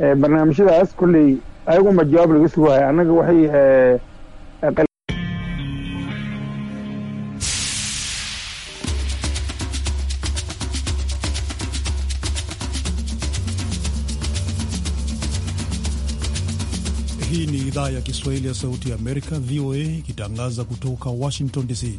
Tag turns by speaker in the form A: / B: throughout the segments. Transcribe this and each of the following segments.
A: Eh, barnaamijyadaas kolley ayaguma jawaab laga sugahaya annaga waxay eh, Hii ni idhaa ya Kiswahili ya Sauti ya Amerika, VOA, ikitangaza kutoka Washington DC.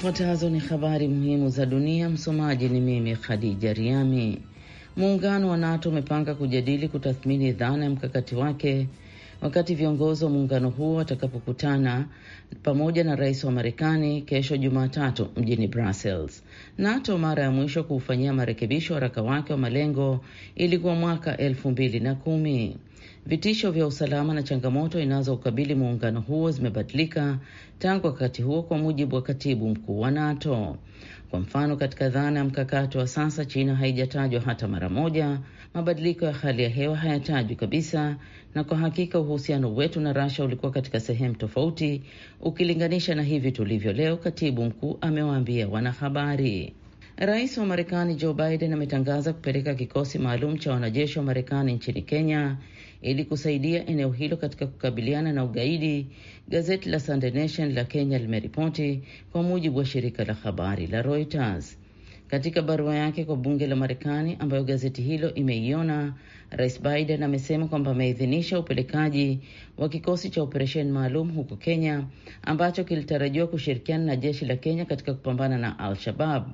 B: Zifuatazo ni habari muhimu za dunia. Msomaji ni mimi Khadija Riami. Muungano wa NATO umepanga kujadili kutathmini dhana ya mkakati wake wakati viongozi wa muungano huo watakapokutana pamoja na rais wa Marekani kesho Jumatatu mjini Brussels. NATO mara ya mwisho kuufanyia marekebisho waraka wake wa malengo ilikuwa mwaka elfu mbili na kumi. Vitisho vya usalama na changamoto inazokabili muungano huo zimebadilika tangu wakati huo, kwa mujibu wa katibu mkuu wa NATO. Kwa mfano, katika dhana ya mkakati wa sasa, China haijatajwa hata mara moja. Mabadiliko ya hali ya hewa hayatajwi kabisa, na kwa hakika uhusiano wetu na Russia ulikuwa katika sehemu tofauti ukilinganisha na hivi tulivyo leo, katibu mkuu amewaambia wanahabari. Rais wa Marekani Joe Biden ametangaza kupeleka kikosi maalum cha wanajeshi wa Marekani nchini Kenya ili kusaidia eneo hilo katika kukabiliana na ugaidi, gazeti la Sunday Nation la Kenya limeripoti kwa mujibu wa shirika la habari la Reuters. Katika barua yake kwa bunge la Marekani ambayo gazeti hilo imeiona, Rais Biden amesema kwamba ameidhinisha upelekaji wa kikosi cha operesheni maalum huko Kenya ambacho kilitarajiwa kushirikiana na jeshi la Kenya katika kupambana na Al-Shabab.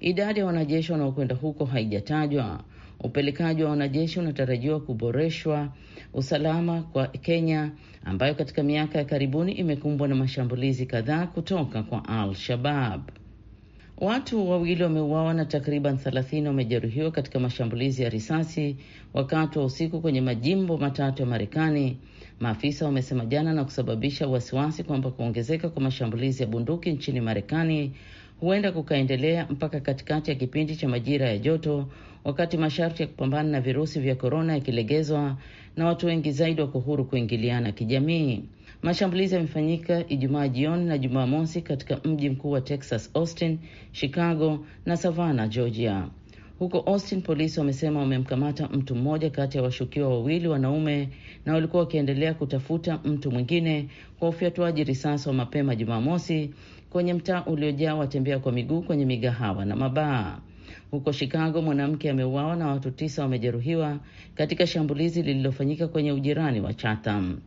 B: Idadi ya wanajeshi wanaokwenda huko haijatajwa. Upelekaji wa wanajeshi unatarajiwa kuboreshwa usalama kwa Kenya ambayo katika miaka ya karibuni imekumbwa na mashambulizi kadhaa kutoka kwa al shabab Watu wawili wameuawa na takriban 30 wamejeruhiwa katika mashambulizi ya risasi wakati wa usiku kwenye majimbo matatu ya Marekani, maafisa wamesema jana, na kusababisha wasiwasi kwamba kuongezeka kwa mashambulizi ya bunduki nchini Marekani huenda kukaendelea mpaka katikati ya kipindi cha majira ya joto, wakati masharti ya kupambana na virusi vya korona yakilegezwa na watu wengi zaidi wako huru kuingiliana kijamii. Mashambulizi yamefanyika Ijumaa jioni na Jumamosi katika mji mkuu wa Texas, Austin, Chicago na Savannah, Georgia. Huko Austin, polisi wamesema wamemkamata mtu mmoja kati ya washukiwa wawili wanaume na walikuwa wakiendelea kutafuta mtu mwingine kwa ufyatuaji risasi wa mapema Jumamosi kwenye mtaa uliojaa watembea kwa miguu kwenye migahawa na mabaa. Huko Chicago, mwanamke ameuawa na watu tisa wamejeruhiwa katika shambulizi lililofanyika kwenye ujirani wa Chatham.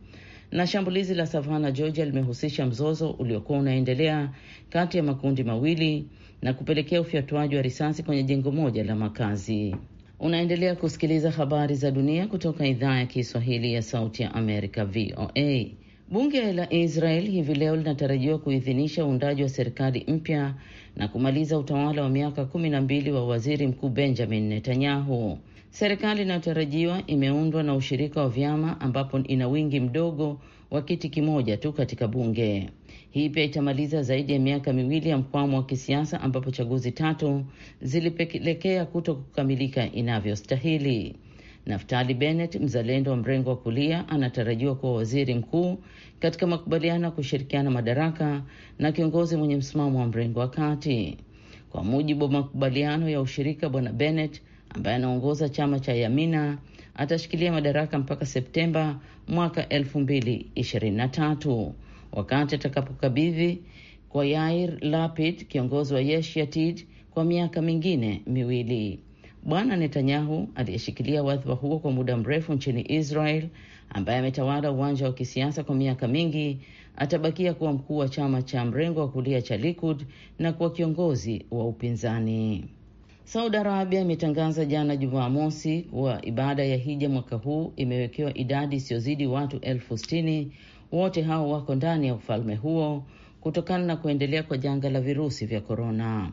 B: Na shambulizi la Savannah, Georgia limehusisha mzozo uliokuwa unaendelea kati ya makundi mawili na kupelekea ufyatuaji wa risasi kwenye jengo moja la makazi. Unaendelea kusikiliza habari za dunia kutoka idhaa ya Kiswahili ya Sauti ya Amerika, VOA. Bunge la Israel hivi leo linatarajiwa kuidhinisha uundaji wa serikali mpya na kumaliza utawala wa miaka kumi na mbili wa waziri mkuu Benjamin Netanyahu. Serikali inayotarajiwa imeundwa na ushirika wa vyama ambapo ina wingi mdogo wa kiti kimoja tu katika bunge. Hii pia itamaliza zaidi ya miaka miwili ya mkwamo wa kisiasa ambapo chaguzi tatu zilipelekea kuto kukamilika inavyostahili. Naftali Bennett, mzalendo wa mrengo wa kulia, anatarajiwa kuwa waziri mkuu katika makubaliano ya kushirikiana madaraka na kiongozi mwenye msimamo wa mrengo wa kati. Kwa mujibu wa makubaliano ya ushirika, bwana Bennett ambaye anaongoza chama cha Yamina atashikilia madaraka mpaka Septemba mwaka 2023 wakati atakapokabidhi kwa Yair Lapid, kiongozi wa Yesh kwa miaka mingine miwili. Bwana Netanyahu aliyeshikilia wadhifa huo kwa muda mrefu nchini Israel, ambaye ametawala uwanja wa kisiasa kwa miaka mingi, atabakia kuwa mkuu wa chama cha mrengo wa kulia cha Likud na kuwa kiongozi wa upinzani. Saudi Arabia imetangaza jana Jumamosi kuwa ibada ya hija mwaka huu imewekewa idadi isiyozidi watu elfu sitini. Wote hao wako ndani ya ufalme huo kutokana na kuendelea kwa janga la virusi vya korona.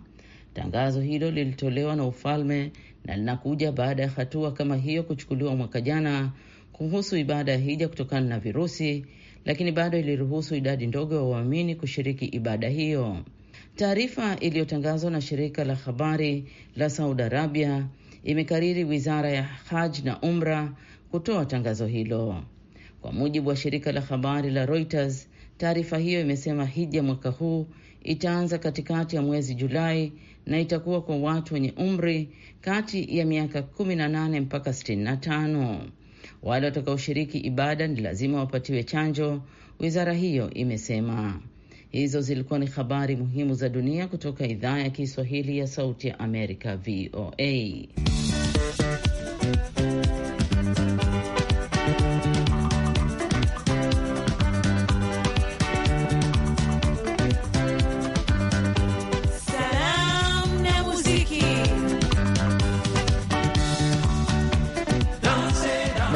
B: Tangazo hilo lilitolewa na ufalme na linakuja baada ya hatua kama hiyo kuchukuliwa mwaka jana kuhusu ibada ya hija kutokana na virusi, lakini bado iliruhusu idadi ndogo ya waamini kushiriki ibada hiyo. Taarifa iliyotangazwa na shirika la habari la Saudi Arabia imekariri wizara ya Haj na Umra kutoa tangazo hilo. Kwa mujibu wa shirika la habari la Reuters, taarifa hiyo imesema hija mwaka huu itaanza katikati ya mwezi Julai na itakuwa kwa watu wenye umri kati ya miaka 18 mpaka 65. Wale watakaoshiriki ibada ni lazima wapatiwe chanjo, wizara hiyo imesema. Hizo zilikuwa ni habari muhimu za dunia kutoka idhaa ya Kiswahili ya Sauti ya Amerika, VOA.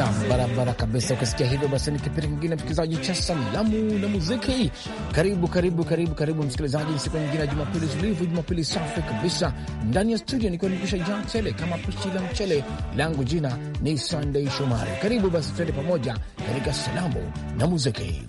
C: Nam barabara kabisa. Ukisikia hivyo, basi ni kipindi kingine msikilizaji cha salamu na muziki. Karibu karibu karibu karibu msikilizaji, siku nyingine ya Jumapili tulivu, Jumapili safi kabisa. Ndani ya studio nikiwa nikusha jaa tele kama pishi la mchele, langu jina ni Sunday Shomari. Karibu basi, twende pamoja katika salamu na muziki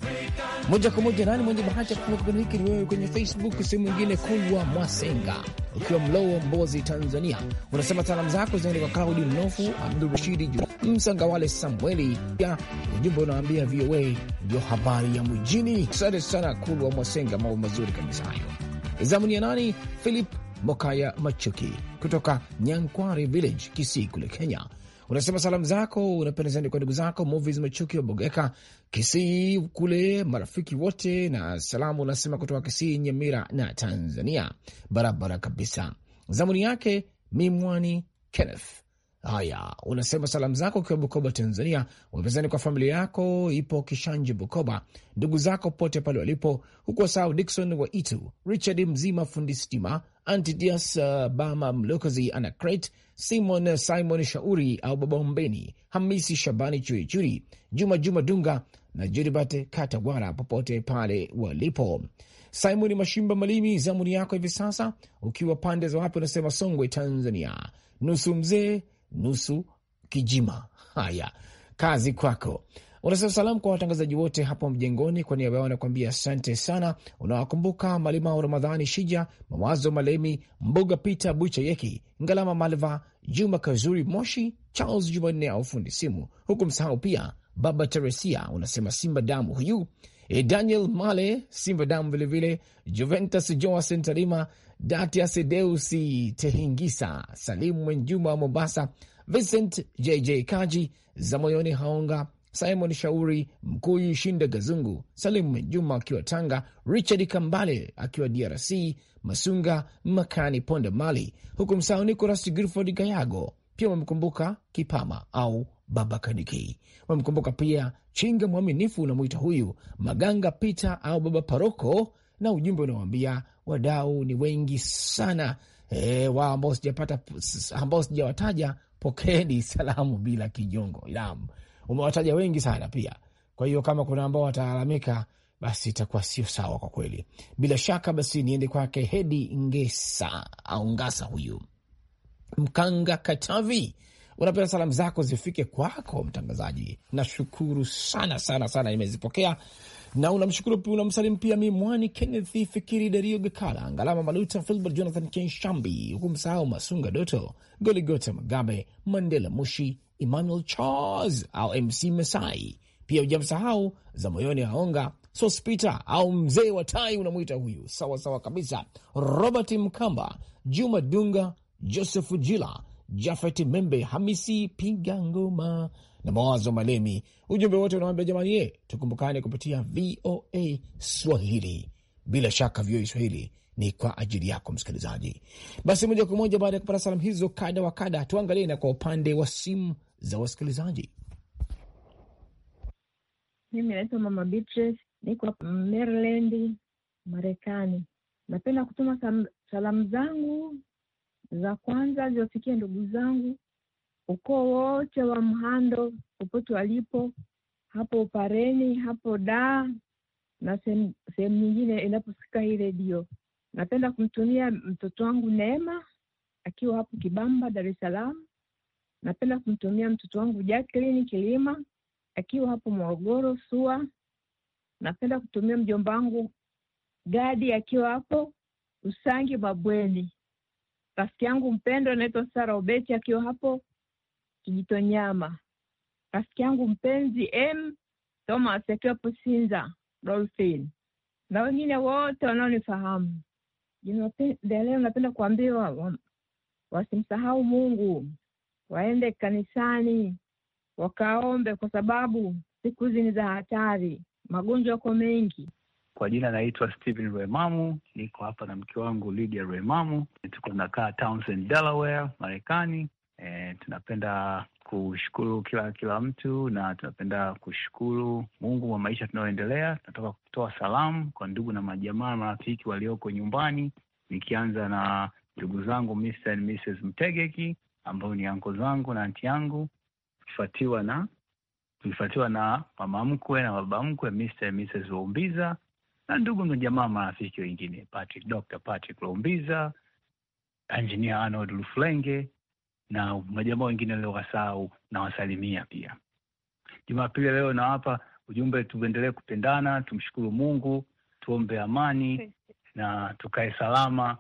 C: moja kwa moja. Nani mwenye bahati ya kufuma kipindi hiki ni wewe kwenye Facebook, sehemu nyingine Kulwa Mwasenga ukiwa Mlowo, Mbozi, Tanzania. Unasema salamu zako zinaenda kwa Claudi Mnofu, Abdul Rashidi Msangawale Samweli. Pia ujumbe unaambia VOA ndio habari ya mjini. Asante sana Kulwa Mwasenga, mambo mazuri kabisa hayo. Zamuni ya nani? Philip Mokaya Machuki kutoka Nyankware Village, Kisii kule Kenya, unasema salamu zako unapendezani kwa ndugu zako Movis Machuki wa Bogeka Kisii kule, marafiki wote na salamu unasema kutoka Kisii, Nyamira na Tanzania, barabara kabisa. Zamuni yake Mimwani Kenneth Haya, unasema salamu zako ukiwa Bukoba, Tanzania, wapezani kwa familia yako ipo Kishanje, Bukoba, ndugu zako pote pale walipo huko sau Dikson wa Itu, Richard Mzima, fundi stima, Antidias uh, Bama Mlokozi, Anacret Simon, uh, Simon Shauri au Baba Ombeni, Hamisi Shabani Churichuri, Juma Juma Dunga na Juribate Katawara, popote pale walipo. Simon Mashimba Malimi, zamuni yako hivi sasa ukiwa pande za wapi? Unasema Songwe, Tanzania, nusu mzee nusu Kijima. Haya, kazi kwako. Unasema salamu kwa watangazaji wote hapo mjengoni. Kwa niaba yao anakuambia asante sana. Unawakumbuka wa Ramadhani, Shija Mawazo, Malemi Mbuga, Peter buchayeki Ngalama Malva, Juma Kazuri Moshi, Charles Jumanne au fundi simu, huku msahau pia Baba Teresia. Unasema Simba damu huyu E, Daniel Male, Simba Damu, vilevile Juventus Joasen Tarima, Datias Deusi Tehingisa, Salimu Mwenjuma wa Mombasa, Vincent JJ Kaji za moyoni, Haonga Simon Shauri, Mkuyu Shinda Gazungu, Salimu Mwenjuma akiwa Tanga, Richard Kambale akiwa DRC, Masunga Makani Ponda Mali, huku msao Nicolas Gilford Gayago pia wamekumbuka Kipama au Baba Dikei. Wamemkumbuka pia chinga mwaminifu, unamwita huyu Maganga Pita au Baba Paroko, na ujumbe unawambia wadau ni wengi sana e, wao ambao sijapata ambao sijawataja, pokeni salamu bila kinyongo. Naam, umewataja wengi sana pia. Kwa hiyo kama kuna ambao watalalamika basi itakuwa sio sawa kwa kweli. Bila shaka basi niende kwake Hedi Ngesa au Ngasa, huyu Mkanga Katavi unapenda salamu zako zifike kwako mtangazaji. Nashukuru sana sana sana, nimezipokea na unamshukuru, pia, unamsalimu pia mi mwani Kenneth Fikiri, Dario Gekala, Ngalama Maluta, Filbert Jonathan Kenshambi, huku msahau Masunga Doto, Goligota Magabe, Mandela Mushi, Emmanuel Charles au MC Masai, pia hujamsahau za moyoni Aonga Sospita au mzee wa tai unamwita huyu, sawa sawa kabisa. Robert Mkamba, Juma Dunga, Joseph Jila Jafet Membe, Hamisi Piga Ngoma na Mawazo Malemi. Ujumbe wote unawambia jamani, ye tukumbukane kupitia VOA Swahili. Bila shaka VOA Swahili ni kwa ajili yako msikilizaji. Basi moja kwa moja, baada ya kupata salamu hizo kada wa kada, tuangalie na kwa upande wa simu za wasikilizaji.
D: Mimi naitwa Mama Beatrice, niko Maryland, Marekani. Napenda kutuma salamu zangu za kwanza ziwafikie ndugu zangu, ukoo wote wa Mhando popote walipo, hapo Upareni, hapo Daa na sehemu nyingine inaposikia hii redio. Napenda kumtumia mtoto wangu Neema akiwa hapo Kibamba, Dar es Salaam. Napenda kumtumia mtoto wangu Jacqueline Kilima akiwa hapo Morogoro SUA. Napenda kutumia mjomba wangu Gadi akiwa hapo Usangi Mabweni rafiki yangu mpendwa anaitwa Sara Obeti akiwa hapo Kijitonyama, rafiki yangu mpenzi M Thomas akiwa hapo Sinza Dolphin, na wengine wote wanaonifahamu leo. Napenda kuambiwa wasimsahau Mungu, waende kanisani wakaombe, kwa sababu siku hizi ni za hatari, magonjwa yako mengi.
E: Kwa jina naitwa stehen Remamu, niko hapa na mke wangu Lydia remamu Tuko nakaa Townsend, Delaware, Marekani. E, tunapenda kushukuru kila kila mtu na tunapenda kushukuru Mungu wa maisha tunayoendelea. Tunatoka kutoa salamu kwa ndugu na majamaa marafiki walioko nyumbani, nikianza na ndugu zangu Mr. and Mrs. Mtegeki ambao ni anko zangu na anti yangu, kifuatiwa na tukifuatiwa na mama mkwe na baba mkwe Mr. and Mrs. Waumbiza na ndugu jamaa marafiki wengine Patrick, Dr. Patrick Lombiza, Engineer Arnold Luflenge na majamaa wengine leo wasau na wasalimia pia. Jumapili leo nawapa ujumbe, tuendelee kupendana, tumshukuru Mungu, tuombe amani na tukae salama,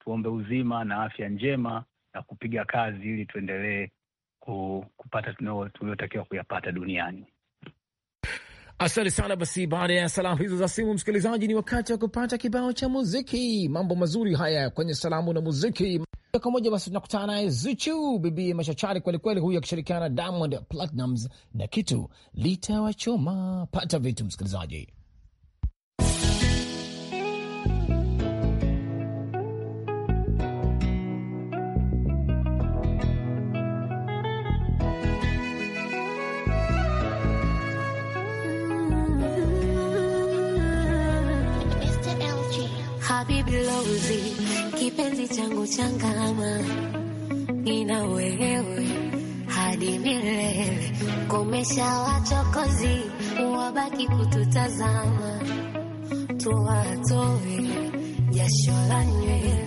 E: tuombe uzima na afya njema na kupiga kazi ili tuendelee kupata tuliotakiwa kuyapata duniani.
C: Asante sana. Basi baada ya salamu hizo za simu, msikilizaji, ni wakati wa kupata kibao cha muziki. Mambo mazuri haya kwenye salamu na muziki kwa moja. Basi tunakutana naye Zuchu, bibi machachari kwelikweli, huyu akishirikiana na Diamond Platnumz na kitu litawachoma. Pata vitu, msikilizaji.
F: machozi, kipenzi changu changama, nina wewe hadi milele. Komesha wachokozi, wabaki kututazama, tuwatoe jasho la nywele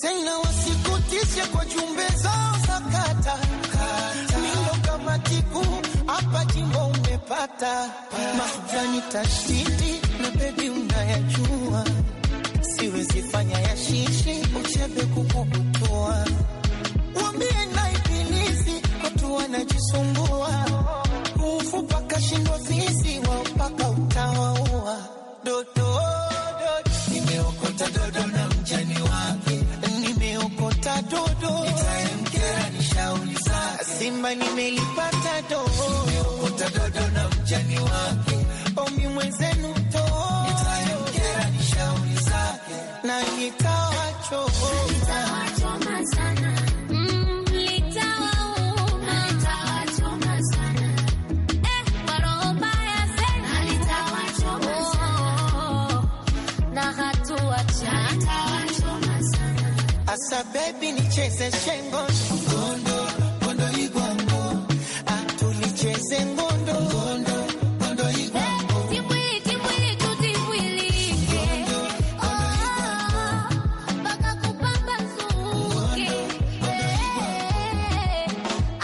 F: Sena wasikutishe kwa jumbe zao za kata milo kama tiku hapa jimbo umepata mahujani tashiti na bebi unayajua siwezi fanya ya shishi uchebe kukubu sasa baby nicheze shengo ngondo ngondo igwango atulicheze ngondo ngondo ngondo igwango timwi timwi tutiwili baka kupamba suke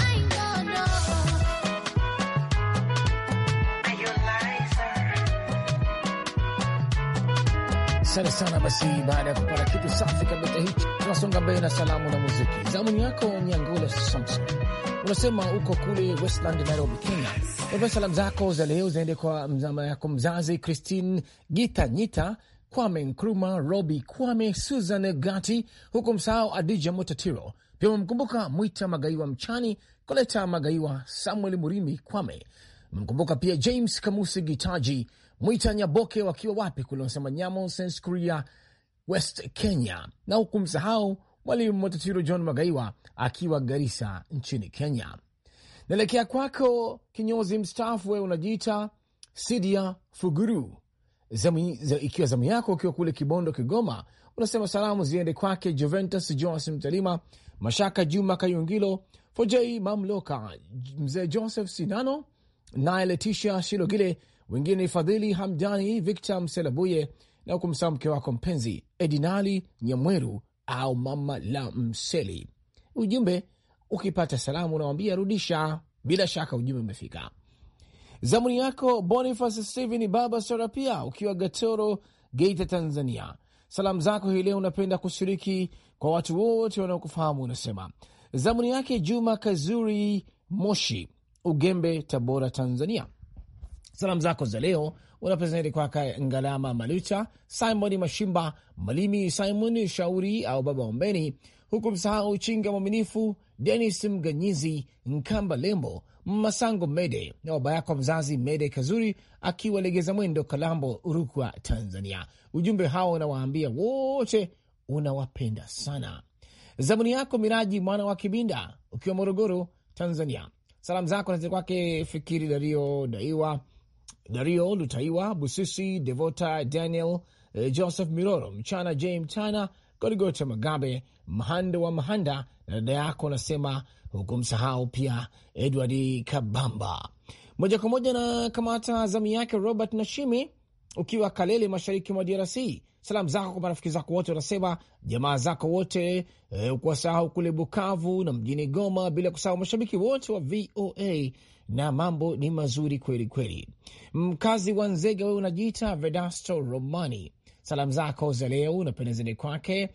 F: ai ngondo
C: Asante sana basi, baada ya kupata kitu safi tunasonga mbele na salamu na muziki. Zamu yako Nyangula Samson unasema uko kule Westland, Nairobi, Kenya. Ava salamu zako za leo zaende kwa mzama yako mzazi Christine Gita Nyita, Kwame Nkruma, Robi Kwame, Susan Gati, huku msahau Adija Motatiro. Pia umemkumbuka Mwita Magaiwa Mchani, Koleta Magaiwa, Samuel Murimi Kwame. Mkumbuka pia James Kamusi Gitaji, Mwita Nyaboke wakiwa wapi kule, wanasema Nyamo Korea West Kenya, na huku msahau Mwalimu Mwatatiro John Magaiwa akiwa Garisa nchini Kenya. Naelekea kwako kinyozi mstaafu, wewe unajiita Sidia Fuguru. Zami, ikiwa zamu yako ukiwa kule Kibondo, Kigoma, unasema salamu ziende kwake Juventus Joas Mtalima, Mashaka Juma Kayungilo, Fojei Mamloka, mzee Joseph Sinano, naye Letisha Shilogile, wengine ni Fadhili Hamdani, Victor Mselabuye na kumsahau mke wako mpenzi Edinali Nyamweru au Mama la Mseli. Ujumbe ukipata salamu unawambia rudisha. Bila shaka ujumbe umefika. Zamuni yako Boniface Steven Baba Serapia, ukiwa Gatoro, Geita, Tanzania. Salamu zako hii leo unapenda kushiriki kwa watu wote wanaokufahamu. Unasema zamuni yake Juma Kazuri Moshi, Ugembe, Tabora, Tanzania. Salamu zako za leo unapresenti kwake Ngalama Maluta, Simon Mashimba, Malimi Simon Shauri au Baba Ombeni, huku msahau Chinga Mwaminifu, Denis Mganyizi, Nkamba Lembo, Masango Mede na baba yako mzazi Mede Kazuri akiwa Legeza Mwendo, Kalambo, Rukwa, Tanzania. Ujumbe hao unawaambia wote unawapenda sana. Zamuni yako Miraji mwana wa Kibinda ukiwa Morogoro, Tanzania. Salamu zako nazi kwake Fikiri Dario Daiwa Dario Lutaiwa, Busisi Devota, Daniel eh, Joseph Miroro, Mchana J Mchana, Gorigota Magabe, Mhanda wa Mhanda na dada yako anasema hukumsahau pia Edward Kabamba. Moja kwa moja na kamata zamu yake Robert Nashimi, ukiwa Kalele, mashariki mwa DRC. Salamu zako kwa marafiki zako wote wanasema jamaa zako wote e, eh, ukuwasahau kule Bukavu na mjini Goma, bila kusahau mashabiki wote wa VOA na mambo ni mazuri kweli kweli. Mkazi wa Nzega, wewe unajiita Vedasto Romani, salamu zako za leo unapendezeni kwake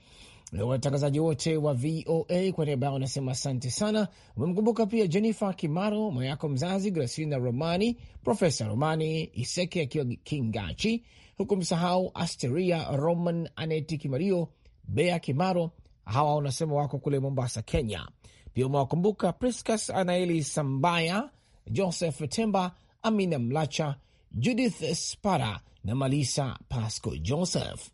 C: watangazaji wote wa VOA kwa niaba yao anasema asante sana. Umemkumbuka pia Jennifer Kimaro, mama yako mzazi, Gracina Romani, Profesa Romani Iseke akiwa Kingachi, huku msahau Asteria Roman, Aneti Kimario, Bea Kimaro. Hawa unasema wako kule Mombasa, Kenya. Pia umewakumbuka Priscas Anaeli Sambaya, Joseph Temba, Amina Mlacha, Judith Spara na Malisa Pasco Joseph.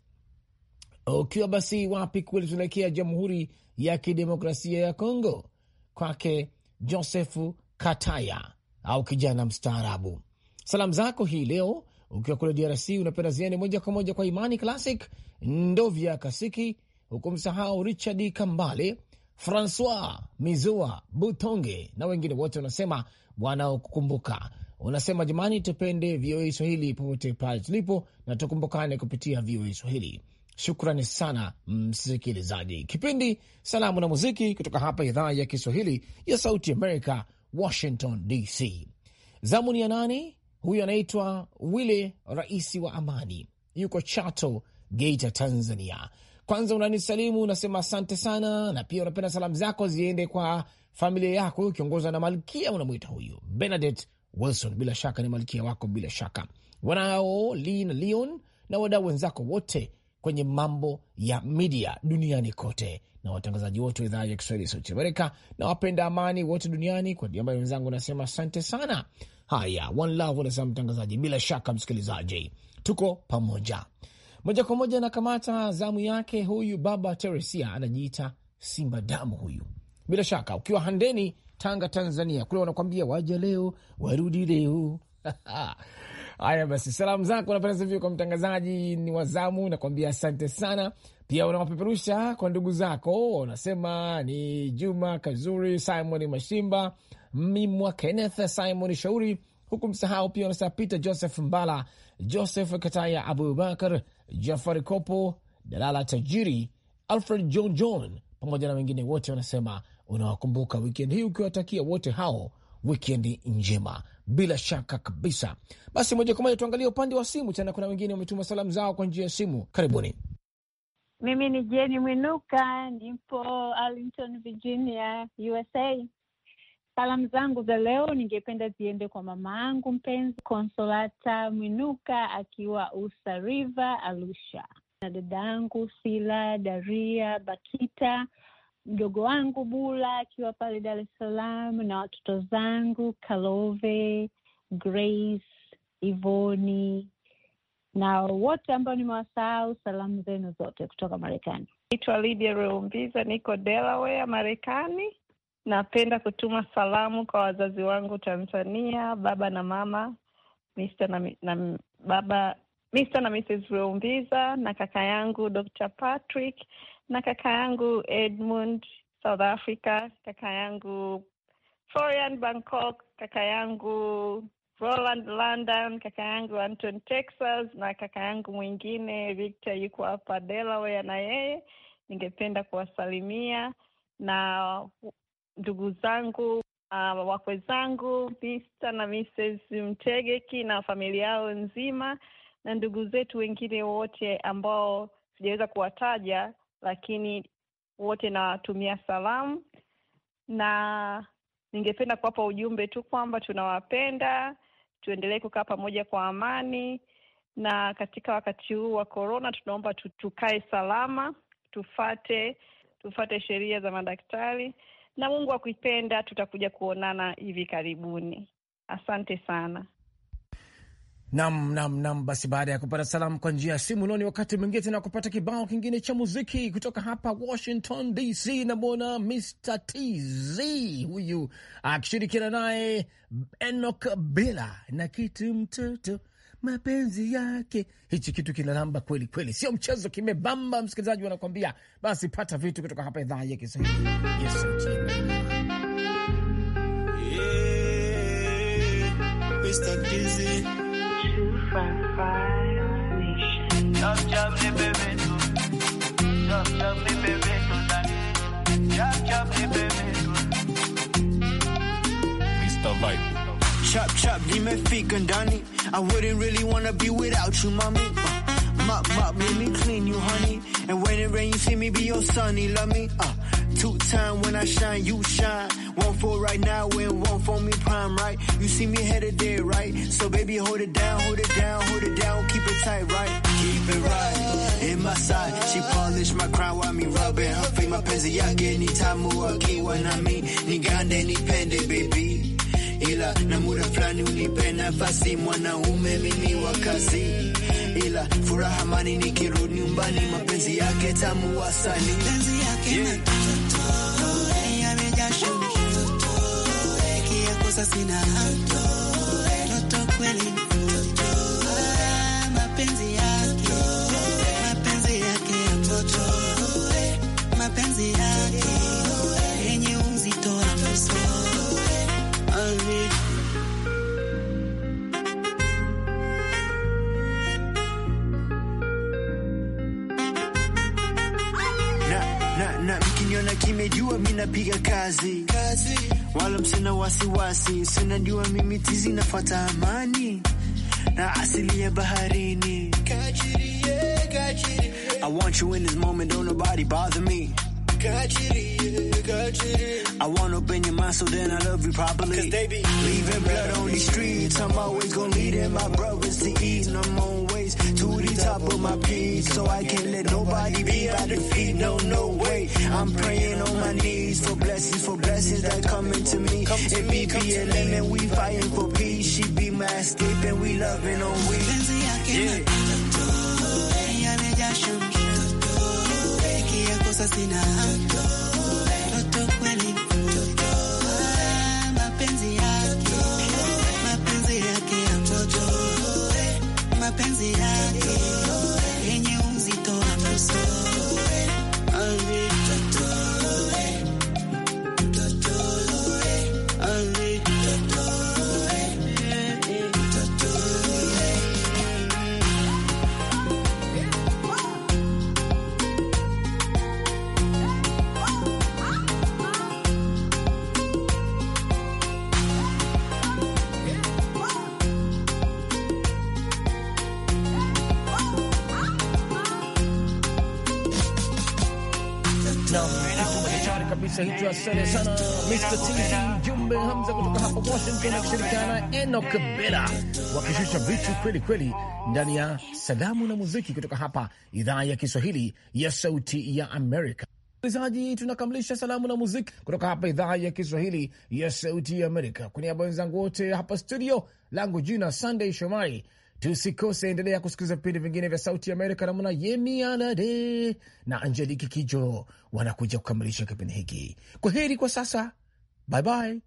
C: Ukiwa basi wapi kweli, tunaelekea Jamhuri ya Kidemokrasia ya Kongo, kwake Josefu Kataya au kijana mstaarabu. Salamu zako hii leo ukiwa kule DRC unapenda ziende moja kwa moja kwa Imani Classic Ndovya Kasiki, huku msahau Richard Kambale, Francois Mizua Butonge na wengine wote, unasema wanaokukumbuka. Unasema jamani, tupende VOA Swahili popote pale tulipo, na tukumbukane kupitia VOA Swahili. Shukrani sana msikilizaji. Kipindi Salamu na Muziki kutoka hapa idhaa ya Kiswahili ya Sauti Amerika, Washington DC. Zamu ni ya nani? Huyu anaitwa Wile Rais wa Amani, yuko Chato, Geita, Tanzania. Kwanza unanisalimu unasema asante sana, na pia unapenda salamu zako ziende kwa familia yako ukiongozwa na malkia, unamwita huyu Benedict Wilson, bila shaka ni malkia wako, bila shaka wanao Lee na Leon na wadau wenzako wote kwenye mambo ya media duniani kote na watangazaji wote wa idhaa ya Kiswahili ya Sauti Amerika na wapenda amani wote duniani. Kwa niaba ya wenzangu nasema asante sana. Haya, one love unasema mtangazaji, bila shaka msikilizaji, tuko pamoja moja kwa moja. Nakamata zamu yake huyu baba Teresia, anajiita Simba Damu huyu bila shaka ukiwa Handeni, Tanga, Tanzania, kule wanakwambia waja leo warudi leo. Haya basi, salamu zako napendezavyo kwa mtangazaji ni wazamu, nakwambia asante sana. Pia unawapeperusha kwa ndugu zako, unasema ni Juma Kazuri, Simon Mashimba, Mimwa Kenneth, Simon Shauri, huku msahau pia unasema Peter Joseph Mbala, Joseph Kataya, Abubakar Jafari Kopo, Dalala Tajiri, Alfred John John pamoja na wengine wote wanasema unawakumbuka wikendi hii, ukiwatakia wote hao wikendi njema bila shaka kabisa. Basi moja kwa moja tuangalie upande wa simu tena, kuna wengine wametuma salamu zao kwa njia ya simu. Karibuni.
D: Mimi ni Jeni Mwinuka, nipo Arlington, Virginia, USA. Salamu zangu za leo ningependa ziende kwa mama yangu mpenzi Konsolata Mwinuka akiwa Usa River, Arusha, na dada yangu Sila Daria Bakita mdogo wangu Bula akiwa pale Dar es Salaam na watoto zangu Kalove, Grace, Ivoni na wote ambao nimewasahau, salamu zenu zote kutoka Marekani. Naitwa lidia Reumbiza, niko Delaware, Marekani.
G: Napenda kutuma salamu kwa wazazi wangu Tanzania, baba na mama Mr. na, na baba Mr. na Mrs. Reumbiza na kaka yangu Dr. Patrick na kaka yangu Edmund South Africa, kaka yangu Florian Bangkok, kaka yangu Roland London, kaka yangu Anton Texas na kaka yangu mwingine Victor yuko hapa Delaware na yeye ningependa kuwasalimia na ndugu zangu uh, wakwe zangu Mr. na Mrs. Mtegeki na familia yao nzima na ndugu zetu wengine wote ambao sijaweza kuwataja lakini wote nawatumia salamu na ningependa kuwapa ujumbe tu kwamba tunawapenda, tuendelee kukaa pamoja kwa amani, na katika wakati huu wa korona tunaomba tukae salama, tufate tufate sheria za madaktari, na Mungu akipenda tutakuja kuonana hivi karibuni. Asante sana.
C: Nam, nam, nam. Basi baada ya kupata salamu kwa njia ya simu leo, ni wakati mwingine tena kupata kibao kingine cha muziki kutoka hapa Washington DC. Namwona Mr TZ huyu akishirikiana naye Enok Bila na kitu mtoto mapenzi yake. Hichi kitu kinalamba kweli kweli, sio mchezo, kimebamba. Msikilizaji wanakuambia basi, pata vitu kutoka hapa idhaa ya Kiswahili
F: yes, yeah, Chop
H: chop, nimefika ndani. I wouldn't really wanna be without you, mommy. Uh, mop mop, let me clean you, honey. And when it rains, you see me be your sunny, love me. Uh, Two time when I shine, you shine. One for right now and one for me prime, right? You see me headed there, right? So baby, hold it down, hold it down, hold it down, keep it tight, right? Keep it right, in my side. She polished my crown while me rubbing her feet. Mapenzi yake ni tamu akiwa na mi. Nigande nipende baby. Ila na muda fulani fasi nafasi, mwanaume mimi wakazi. Ila furaha mani nikirudi nyumbani, mapenzi yake tamu wasanii. Mapenzi yake yeah. sasa sina toto
F: kweli, mapenzi yake mapenzi yake mtoto mapenzi yake yenye uzito wa mso
H: na mkiniona kimejua, mi napiga kazi kazi wala sina wasiwasi, sina jua mimi tizi nafuata amani na asili ya baharini. Kachirie, kachirie. I want you in this moment, don't nobody bother me. I want to open your mind so then I love you properly. Cause they be leaving blood on these streets. I'm always gonna lead in my brothers to eat. No more top of my peas, so I can't let nobody be out of feet. No, no way. I'm praying on my knees for blessings, for blessings that come into me. Come to me, come to me. we fighting for peace. She be my escape, and we loving on we. Yeah.
F: mapenzi
C: Msanii asante sana Mr TZ Jumbe Hamza kutoka hapa Washington, akishirikiana wakishusha vitu kweli kweli ndani ya salamu na muziki kutoka hapa idhaa ya Kiswahili ya Sauti ya Amerika. Msikilizaji, tunakamilisha salamu na muziki kutoka hapa idhaa ya Kiswahili ya Sauti ya Amerika. Kwa niaba wenzangu wote hapa studio, langu jina Sunday Shomari Tusikose, endelea kusikiliza vipindi vingine vya Sauti Amerika namna Yemi Alade na Angeliki Kijo wanakuja kukamilisha kipindi hiki. Kwa heri kwa sasa, baibai.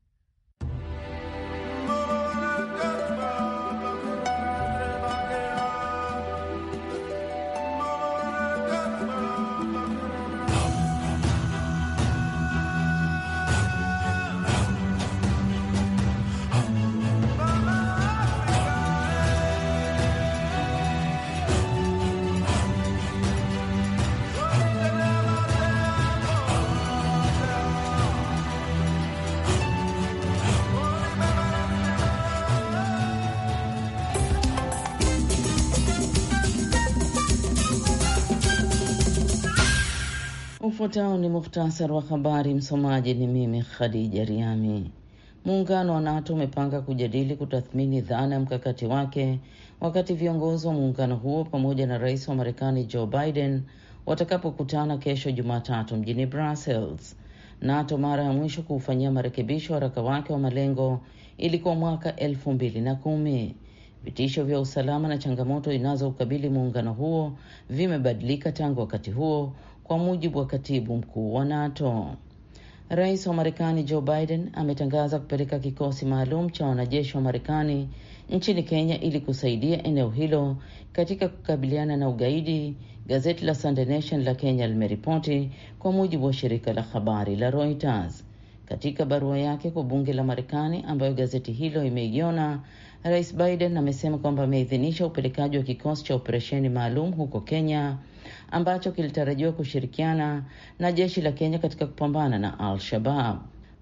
B: Ufuatao ni muhtasari wa habari. Msomaji ni mimi Khadija Riami. Muungano wa NATO umepanga kujadili kutathmini dhana ya mkakati wake wakati viongozi wa muungano huo pamoja na rais wa Marekani Joe Biden watakapokutana kesho Jumatatu mjini Brussels. NATO mara ya mwisho kuufanyia marekebisho waraka wake wa malengo ilikuwa mwaka elfu mbili na kumi. Vitisho vya usalama na changamoto inazoukabili muungano huo vimebadilika tangu wakati huo, kwa mujibu wa katibu mkuu wa NATO. Rais wa Marekani Joe Biden ametangaza kupeleka kikosi maalum cha wanajeshi wa Marekani nchini Kenya ili kusaidia eneo hilo katika kukabiliana na ugaidi, gazeti la Sunday Nation la Kenya limeripoti kwa mujibu wa shirika la habari la Reuters. Katika barua yake kwa bunge la Marekani ambayo gazeti hilo imeiona, Rais Biden amesema kwamba ameidhinisha upelekaji wa kikosi cha operesheni maalum huko Kenya ambacho kilitarajiwa kushirikiana na jeshi la Kenya katika kupambana na Al-Shabab.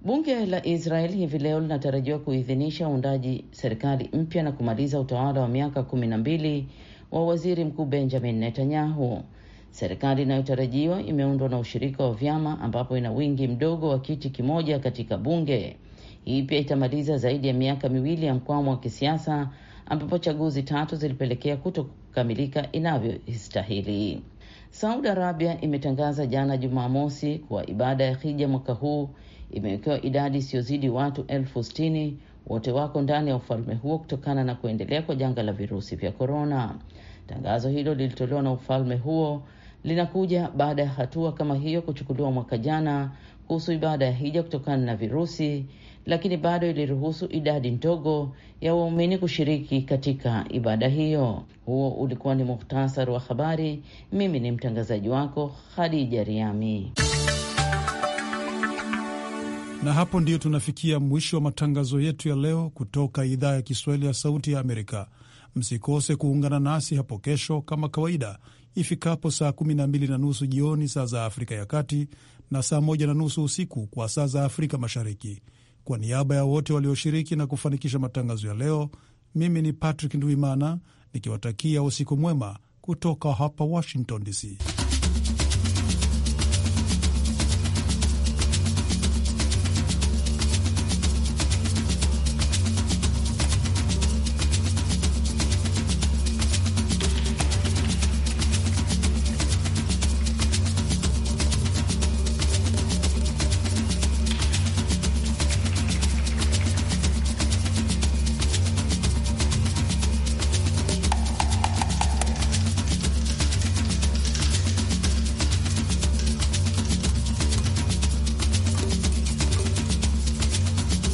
B: Bunge la Israel hivi leo linatarajiwa kuidhinisha uundaji serikali mpya na kumaliza utawala wa miaka kumi na mbili wa waziri mkuu Benjamin Netanyahu. Serikali inayotarajiwa imeundwa na ushirika wa vyama ambapo ina wingi mdogo wa kiti kimoja katika bunge. Hii pia itamaliza zaidi ya miaka miwili ya mkwamo wa kisiasa ambapo chaguzi tatu zilipelekea kukamilika inavyostahili. Saudi Arabia imetangaza jana Jumamosi kuwa ibada ya hija mwaka huu imewekewa idadi isiyozidi watu elfu sitini wote wako ndani ya ufalme huo kutokana na kuendelea kwa janga la virusi vya korona. Tangazo hilo lilitolewa na ufalme huo linakuja baada ya hatua kama hiyo kuchukuliwa mwaka jana kuhusu ibada ya hija kutokana na virusi lakini bado iliruhusu idadi ndogo ya waumini kushiriki katika ibada hiyo. Huo ulikuwa ni muhtasari wa habari. Mimi ni mtangazaji wako Khadija Riami,
A: na hapo ndiyo tunafikia mwisho wa matangazo yetu ya leo kutoka idhaa ya Kiswahili ya Sauti ya Amerika. Msikose kuungana nasi hapo kesho kama kawaida ifikapo saa 12 na nusu jioni saa za Afrika ya Kati na saa 1 na nusu usiku kwa saa za Afrika Mashariki. Kwa niaba ya wote walioshiriki na kufanikisha matangazo ya leo, mimi ni Patrick nduimana nikiwatakia usiku mwema kutoka hapa Washington DC.